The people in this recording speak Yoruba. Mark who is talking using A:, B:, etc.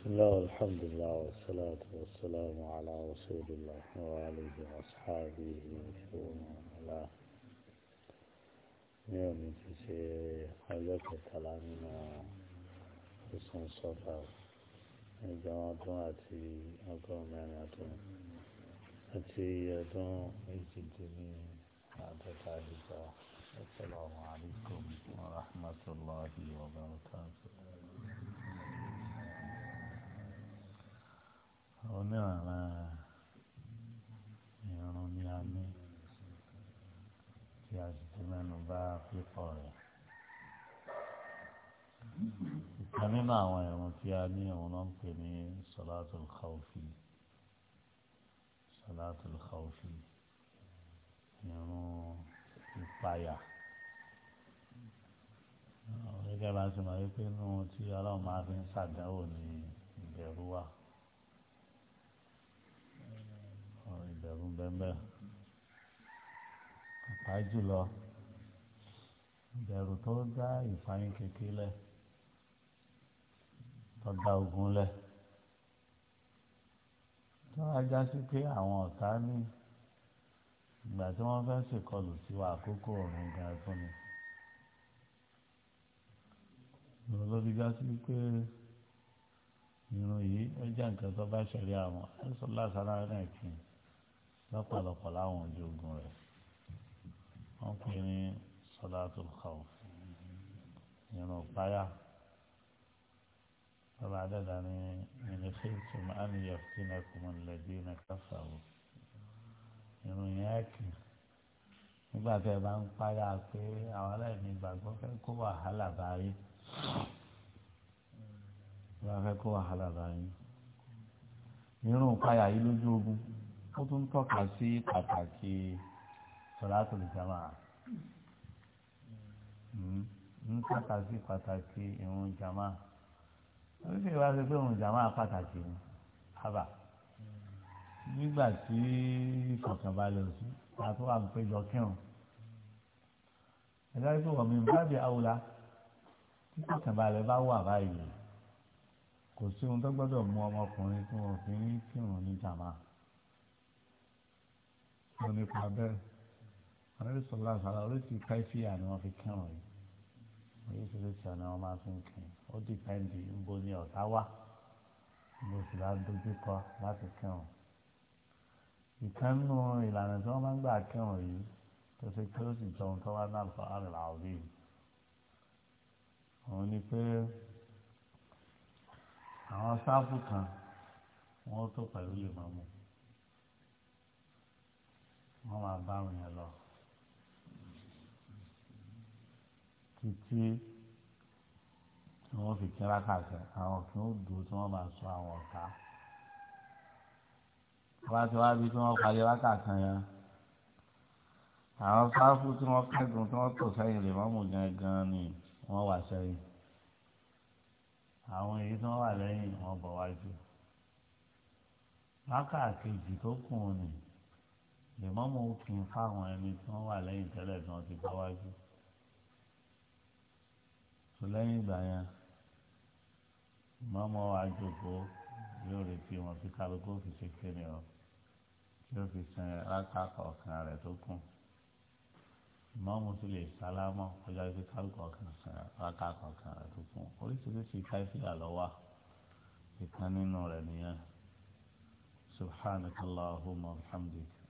A: بسم الله والحمد لله والصلاة والسلام على رسول الله وآله وأصحابه ومن والاه يوم تسي حلقة تلامنا حسن صفا جماعتنا أتي أقوم معناتنا أتي يدون إجتني أعطاك السلام عليكم ورحمة الله وبركاته oníranran irun ni a ní tí a sì ti mẹ́nu bá pípọ̀ rẹ̀. ìkan nínú àwọn irun tí a ní òun náà ń pè ní salatul khawfi salatul khawfi irun ìpayà gẹ́gẹ́ bá ti mọ̀ wípé inú tí ọlọ́run máa fi ń ṣàdánwò ní ìbẹ̀rù wa. bẹ́ẹ̀ pàápàá jùlọ ìbẹ̀rù tó dá ìfàyín kékeré lẹ̀ tó dá ogun lẹ̀ tó ajá sí pé àwọn ọ̀tá ní ìgbà tí wọ́n fẹ́ ṣèkọlù sí wa àkókò ọ̀run gan fún mi lọ́dún já sí pé irun yìí ó jẹ́ nǹkan tó bá ṣẹlẹ̀ àwọn ẹ̀sọ́ lásán náà kì í lọ́pọ̀lọpọ̀ láwọn ojú ogun rẹ̀ wọ́n pè ní sọ́dátù kọ́ọ̀ ìrìn òpáyà ọba adẹ́dà ní mínísítì mánìyà tìǹkùmọ̀ lẹ́bí ní káfàwọ́ ìrìn yẹn kì nígbà tẹ́ ẹ bá ń páyà pé àwọn aláìní gbàgbọ́ fẹ́ kó wàhálà bá yín wọ́n fẹ́ kó wàhálà bá yín ìrìn òpáyà yìí lójú ogun ó tún tọ́ka sí pàtàkì sọ̀ràtò ìjàmà ń tọ́ka sí pàtàkì ìrun jàmà oríṣiríṣi wá sí pé ìrun jàmà pàtàkì ni ábà nígbà tí ìfọ̀kànbalẹ̀ òsì àti wà ń péjọ kírun ẹ̀dá ìgbò wọ̀n mi ń bá bí àwòlá tí ìfọ̀kànbalẹ̀ bá wà báyìí kò sí ohun tó gbọ́dọ̀ mú ọmọkùnrin tí wọn fi ń kírun ní jàmà wọn nípa bẹ́ẹ̀ ànábì sọlá sàlá oríṣi káìfìyà ni wọ́n fi kírun yìí oríṣiríṣi ọ̀nà wọn máa fi ń kírun ó dìpẹ́ǹdì níbo ni ọ̀tá wà níbo sì bá dojú kọ láti kírun ìkan nínú ìlànà tí wọ́n máa ń gbà kírun yìí tó ṣe pé ó sì jọ ohun tó wá náà fọ àrìnlá òbí òun ni pé àwọn sáfù kan wọ́n tó pẹ̀lú lè máa mú wọ́n máa bá àwọn èèyàn lọ títí wọ́n fi kíra kàṣẹ àwọn òfin ó dùn tí wọ́n máa sọ àwọn ọ̀tá wọ́n ti wá bí tí wọ́n parí wákàtí yẹn àwọn sáfù tí wọ́n kẹ́gùn tí wọ́n tò sẹ́yìn lè mọ́mù gangan ni wọ́n wà sẹ́yìn àwọn èyí tí wọ́n wà lẹ́yìn wọ́n bọ̀ wájú wákàtí kejì tó kù ni ìmọ̀mọ́ òfin fáwọn ẹni tí wọ́n wà lẹ́yìn tẹ́lẹ̀ tí wọ́n ti bá wájú tó lẹ́yìn ìgbà yẹn ìmọ̀mọ́ àjòkó yóò retí wọn tí kálukú fi ṣe kéde ọ tí ó fi sin rákà kọ̀ọ̀kan rẹ̀ tó kù ìmọ̀mọ́ sì lè sálámọ̀ kọjá pé kálukú ọ̀kan sin rákà kọ̀ọ̀kan rẹ̀ tó kù oríṣiríṣi káfíà lọ́wọ́ ìkan nínú rẹ̀ nìyẹn subhanakallahumma wa bihamdik.